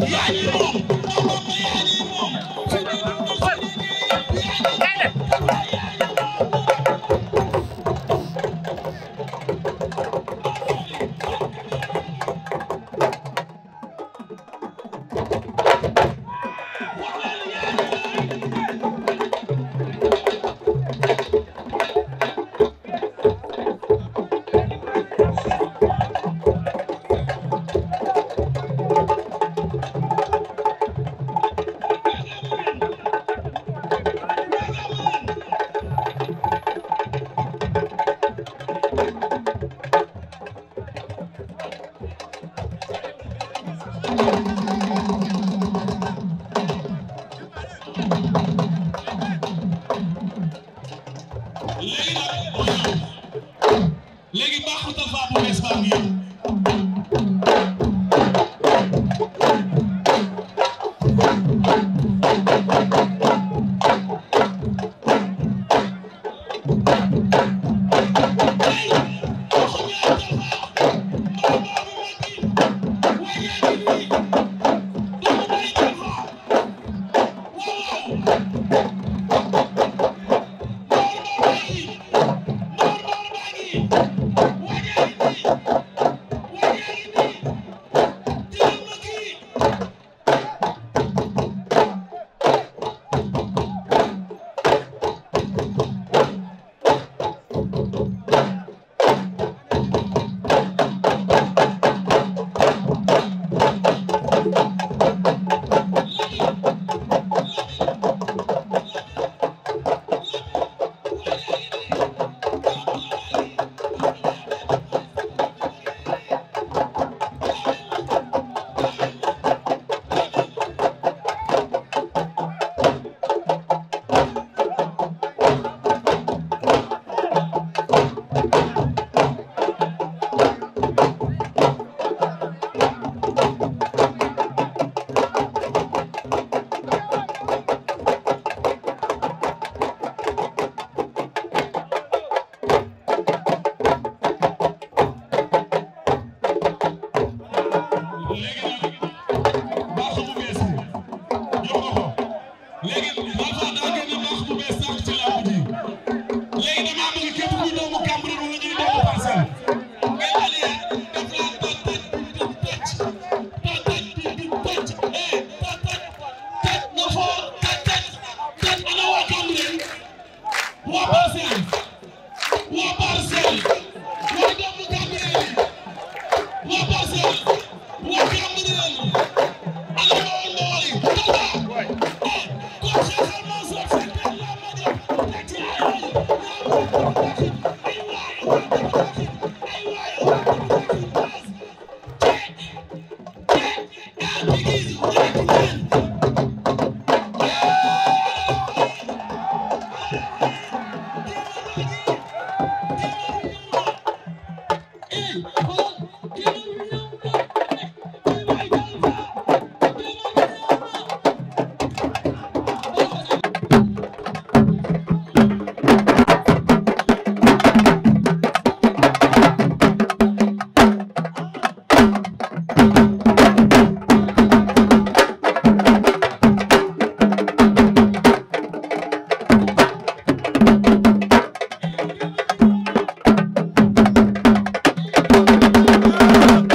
Yeah, you léegi baaxu tafa bu bees baa ngi Thank you.